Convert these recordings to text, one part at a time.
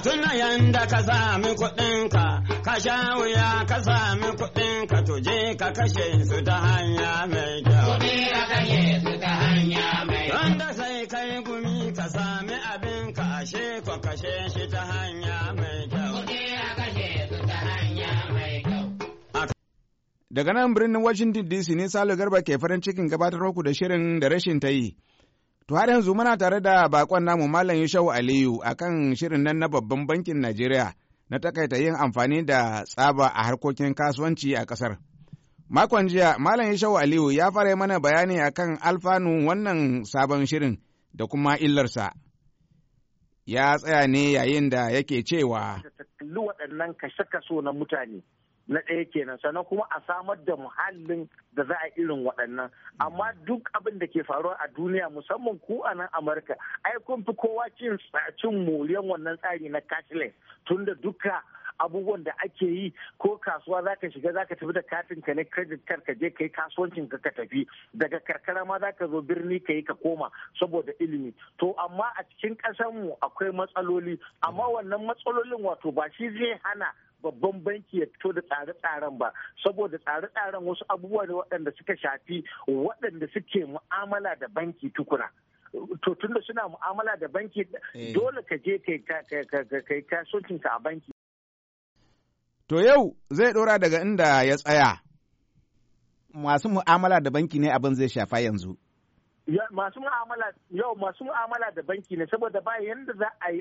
ka tuna yanda ka sami kuɗinka, ka sha wuya ka sami kuɗinka tuje ka kashe su ta hanya mai kyau. Kuɗi ka kashe su ta hanya mai kyau. Wanda sai kai gumi ka sami abin ka ashe ko kashe shi ta hanya mai kyau. Kuɗi ka kashe su ta hanya mai kyau. Daga nan birnin Washington DC ne Salo Garba ke farin cikin gabatar ku da shirin da rashin ta yi. To har yanzu muna tare da bakon namu Malam Yashau Aliyu a kan shirin nan na babban bankin Najeriya na takaita yin amfani da tsaba a harkokin kasuwanci a ƙasar. Makon jiya Malam Yashau Aliyu ya fara mana bayani a kan alfanu wannan sabon shirin da kuma illarsa. Ya tsaya ne yayin da yake cewa. waɗannan kashe-kaso na mutane na ɗaya kenan sannan kuma a samar da muhallin da za a irin waɗannan amma duk abin da ke faruwa a duniya musamman ku a nan amurka ai kun fi kowa cin cin moriyan wannan tsari na cashless tunda duka abubuwan da ake yi ko kasuwa za ka shiga za ka tafi da katin ka ne credit card ka je ka yi kasuwancin ka ka tafi daga karkara ma za ka zo birni ka yi ka koma saboda ilimi to amma a cikin mu akwai matsaloli amma wannan matsalolin wato ba shi zai hana babban banki ya fito da tsare-tsaren ba saboda tsare-tsaren wasu abubuwa ne waɗanda suka shafi waɗanda suke mu'amala da banki tukuna to tunda suna mu'amala da banki eh. dole ka je kai kasuwancinka a banki To yau zai ɗora daga inda ya tsaya. Masu mu'amala da banki ne abin zai shafa yanzu. masu mu'amala yau masu mu'amala da banki ne saboda ba yanda za a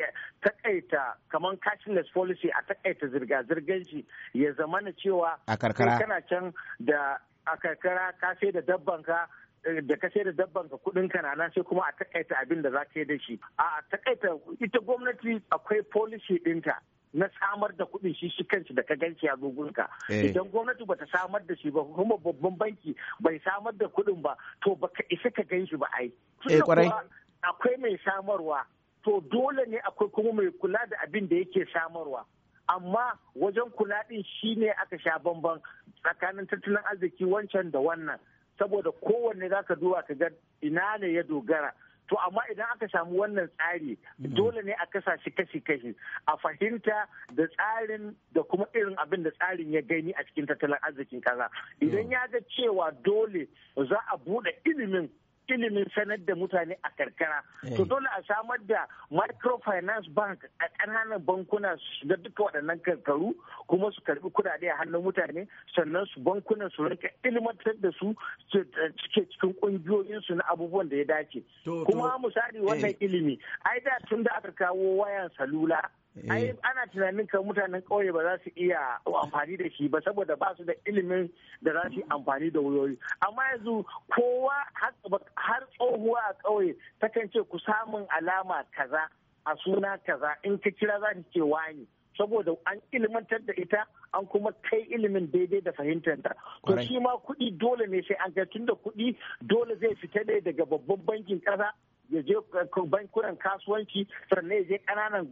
takaita kamar cashless policy a takaita zirga-zirgar shi ya zama na cewa a karkara kana can da a karkara ka sai da dabban ka eh, da ka sai da dabban ka kudin kana na sai kuma a takaita abin da za ka yi da shi a takaita ita gwamnati akwai policy dinta na samar da kuɗin shi shi kansu da ka ganshi a gungunka eh. idan gwamnati bata samar da shi ba kuma babban banki bai samar da kuɗin ba to baka isa ka ganshi ba ai eh, akwai mai samarwa to dole ne akwai kuma mai kula da abin da yake samarwa amma wajen kula din shine aka sha bamban tsakanin tattalin arziki wancan da wannan saboda kowanne zaka duba ka ga ina ne ya dogara to amma idan aka samu wannan tsari mm. dole ne a kasa shi kashi-kashi a fahimta da tsarin da kuma irin abin da tsarin ya gani a cikin tattalin arzikin kaza. idan ya ga cewa dole za a buɗe ilimin ilimin sanar da mutane a karkara eh. to dole a samar da microfinance bank a ƙananan bankuna da duka waɗannan karkaru kuma su karbi kudade a hannun mutane sannan su bankuna su rika ilimantar da su cike cikin ƙungiyoyin su na abubuwan da ya dace kuma misali eh. wannan ilimi ai da tun da aka kawo wayan salula ai eh. ana tunanin kan mutanen ƙauye ba za su iya amfani da shi ba saboda ba su da ilimin da za su amfani da wayoyi amma yanzu kowa har tsohuwa a ƙauye takan ce ku samun alama kaza a suna kaza in ka kira za ta ce wani saboda an ilimantar da ita an kuma kai ilimin daidai da fahimtarta to shi ma kuɗi dole ne sai an kai tunda kuɗi dole zai fita ne daga babban bankin ƙasa ya je eh, bankunan kasuwanci sannan ya je ƙananan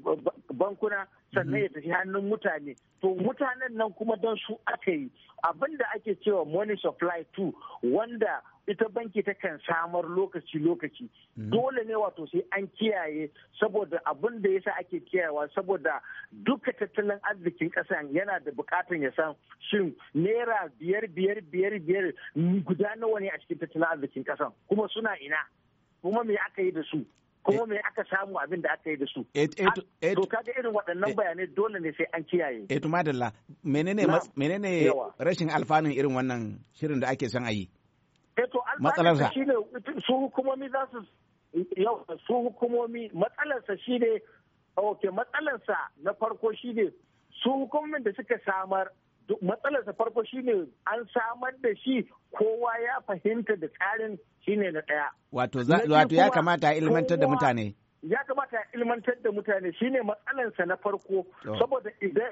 bankuna sannan ya tafi hannun mutane to mutanen nan kuma don su aka yi abin ake cewa money supply 2 wanda ita banki ta kan samar lokaci-lokaci mm. dole ne wato sai an kiyaye saboda abin da yasa ake kiyayewa saboda duka tattalin arzikin kasan yana da bukatan ya san shin naira biyar biyar biyar biyar guda nawa ne a cikin tattalin arzikin kasan kuma suna ina kuma me aka yi da su kuma eh. me aka samu abin da aka yi da su eh, eh, to kaga irin waɗannan bayanai dole ne sai an kiyaye eh to madalla menene menene rashin alfanun irin wannan shirin da ake son a yi matsalar sa shine su hukumomi za su yau su hukumomi matsalarsa shine matsalar matsalarsa na farko shine su hukumomin da suka samar matsalarsa farko shine an samar da shi kowa ya fahimta da tsarin shine na ɗaya. Wato ya kamata ilmantar da mutane. Ya kamata ilmantar da mutane shine matsalarsa na farko saboda idan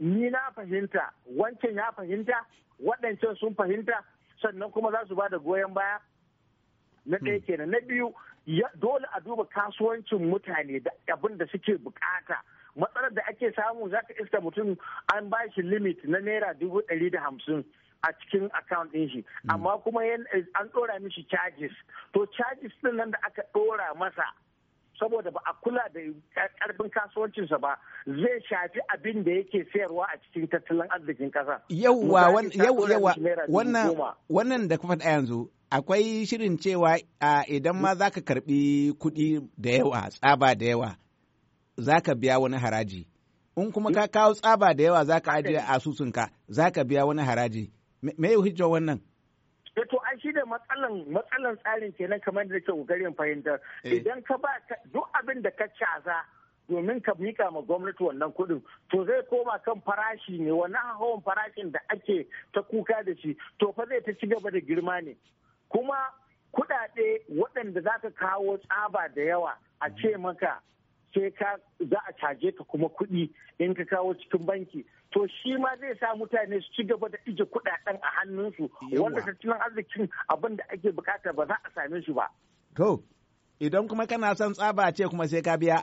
ni na fahimta wancan ya fahimta waɗancan sun fahimta sannan kuma za su ba da goyon baya na ɗaya hmm. kenan na biyu dole a duba kasuwancin mutane da abin da suke bukata. matsalar da ake samu za ka iska mutum an ba shi limit na naira dubu ɗari da hamsin a cikin account ɗin shi hmm. amma kuma an ɗora mishi charges to charges ɗin nan da aka ɗora masa saboda ba a kula da karfin kasuwancinsa ba zai shafi abin da yake sayarwa a cikin tattalin arzikin ƙasa. Yauwa wannan da kuma faɗa yanzu akwai shirin cewa idan ma zaka ka karɓi kuɗi da yawa tsaba da yawa za ka biya wani haraji in kuma ka kawo tsaba da yawa za ka ajiye asusunka za ka biya wani haraji me yi hujjar wannan eh, to an shi da matsalan matsalan tsarin kenan kamar da ke kokarin fahimta eh. idan ka ba duk abin da ka caza domin ka mika ma gwamnati wannan kuɗin to zai koma kan farashi ne wannan hawan farashin da ake ta kuka da shi to fa zai ta ci gaba da girma ne kuma kuɗaɗe waɗanda za ka kawo tsaba da yawa a ce maka sai ka za a caje ka kuma kuɗi in ka kawo cikin banki to shi ma zai sa mutane su ci gaba da ije kuɗaɗen a hannunsu wanda tattalin arzikin abin da ake bukata ba za a same shi ba. To, idan kuma kana son tsaba ce kuma sai ka biya.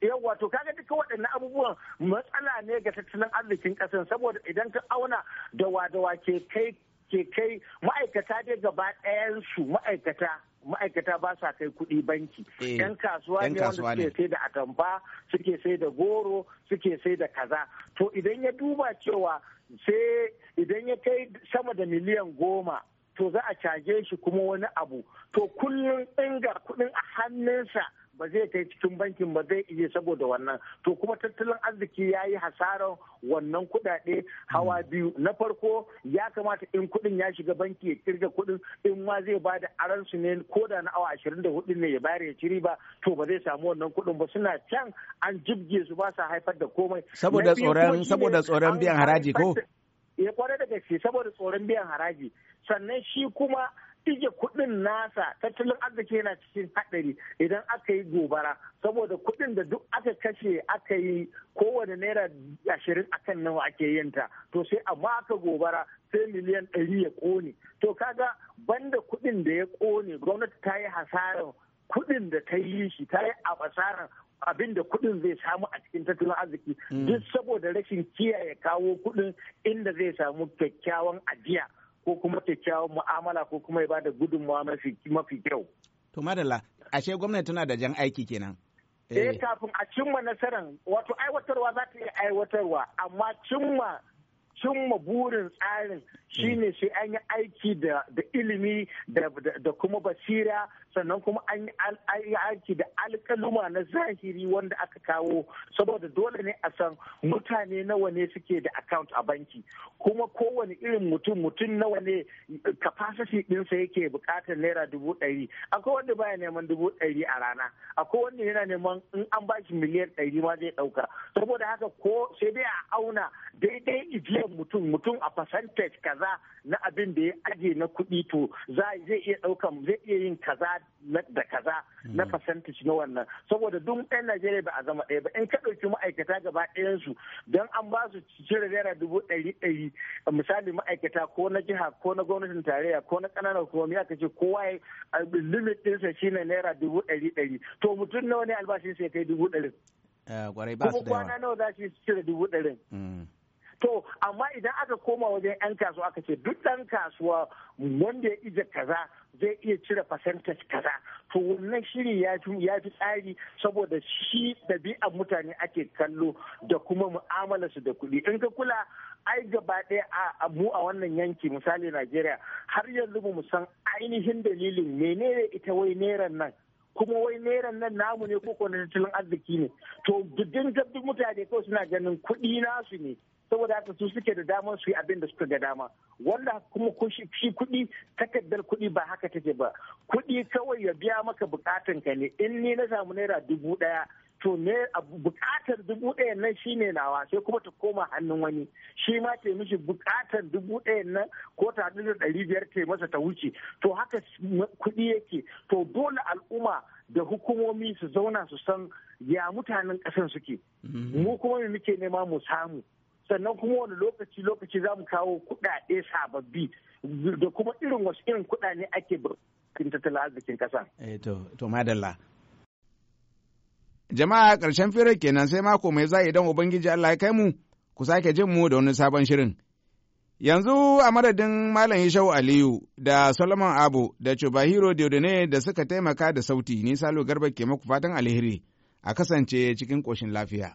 yawwa to kaga duka waɗannan abubuwan matsala ne ga tattalin arzikin ƙasar saboda idan ka auna dawa-dawa ke kai ke kai ma'aikata dai gaba ɗayan su ma'aikata ma'aikata ba sa kai kuɗi banki eh, yan kasuwa ne wanda suke sai da atamfa suke sai da goro suke sai da kaza to idan ya duba cewa sai idan ya kai sama da miliyan goma to za a caje shi kuma wani abu to kullum inga kuɗin a hannunsa ba zai kai cikin bankin ba zai iya saboda wannan to kuma tattalin arziki ya yi hasarar wannan kudade hawa hmm. biyu na farko ya kamata in kudin ya shiga banki ya kirga kudin in ma zai ba da aran su ne ko da na awa ashirin da hudu ne ya bayar ya ciri ba to ba zai samu wannan kudin ba suna can an jibge su ba sa haifar da komai saboda tsoron saboda tsoron biyan haraji ko ya eh, kware da gaske saboda tsoron biyan haraji sannan shi kuma ije kuɗin nasa tattalin arziki yana cikin haɗari idan aka yi gobara saboda kuɗin da duk aka kashe aka yi kowane naira ashirin akan nawa ake yin to sai amma aka gobara sai miliyan ɗari ya ƙone to kaga banda kuɗin da ya ƙone gwamnati ta yi hasarar kuɗin da ta yi shi ta yi a hasarar abin da kuɗin zai samu a cikin tattalin arziki hmm. duk saboda rashin kiyaye kawo kuɗin inda zai samu kyakkyawan ajiya ko kuma kyakkyawan mu'amala ko kuma ya bada gudunmawa mafi mafi kyau. To madalla ashe gwamnati tana da jan aiki kenan. Eh, eh. kafin a cimma nasarar wato aiwatarwa za ta iya aiwatarwa amma cimma cimma burin tsarin shi ne sai an yi aiki da ilimi da kuma basira sannan kuma an yi aiki da alkaluma na zahiri wanda aka kawo saboda dole ne a san mutane nawa ne suke da account a banki kuma kowane irin mutum mutum nawa ne capacity ɗinsa yake bukatar naira dubu ɗari akwai wanda baya neman dubu ɗari a rana akwai wanda yana neman in an bashi miliyan ɗari ma zai ɗauka saboda haka ko sai dai a auna daidai ijiyar mutum mutum a percentage kaza na abin da ya ajiye na kuɗi to zai iya ɗaukan zai iya yin kaza da kaza na mm. percentage na wannan saboda duk ɗan Najeriya ba a zama ɗaya ba in ka ɗauki ma'aikata gaba ɗayansu don an ba su cire naira dubu ɗari ɗari misali ma'aikata ko na jiha ko na gwamnatin tarayya ko na ƙananan hukumomi aka ce kowa ya limit ɗinsa shine naira dubu ɗari ɗari to mutum nawa ne albashin sai kai dubu ɗari. Eh, Kuma kwana nawa za su cire dubu ɗarin. Mm. to amma idan aka koma wajen 'yan kasuwa aka ce duk dan kasuwa wanda ya ije kaza zai iya cire percentage kaza to wannan shiri ya fi tsari saboda shi ɗabi'ar mutane ake kallo da kuma mu'amalarsu da kuɗi in ka kula ai gaba ɗaya a mu a wannan yanki misali Najeriya har yanzu mu san ainihin dalilin menene ita wai neran nan kuma wai neran nan namu ne ko kwanan tattalin arziki ne to duk duk mutane kawai suna ganin kuɗi nasu ne saboda haka su suke da damar su yi abin da suka ga dama wanda kuma shi kuɗi takardar kuɗi ba haka take ba kuɗi kawai ya biya maka bukatan ka ne in ni na samu naira dubu ɗaya to ne bukatar dubu ɗaya nan shine nawa sai kuma ta koma hannun wani shi ma ta mishi bukatar dubu ɗaya nan ko ta haɗu da ɗari biyar ta masa ta wuce to haka kuɗi yake to dole al'umma da hukumomi su zauna su san ya mutanen ƙasar suke mm-hmm. mu kuma muke nema mu samu sannan kuma wani lokaci lokaci za mu kawo kuɗaɗe sababbi da kuma irin wasu irin kuɗaɗe ake bukin tattalin arzikin ƙasa. Eh to to madalla. Jama'a ƙarshen firar kenan sai mako mai za idan Ubangiji Allah ya kai mu ku sake jin mu da wani sabon shirin. Yanzu a madadin Malam Ishau Aliyu da Solomon Abu da Chubahiro Diodone da suka taimaka da sauti ni Salo Garba ke maku fatan alheri a kasance cikin koshin lafiya.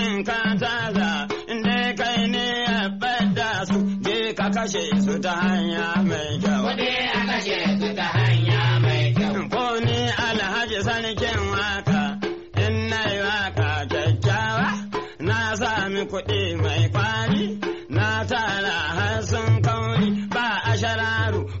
in ka zaza inda kai ne ya bada su je ka kashe su ta hanya mai kyau. Kuɗi a kashe su.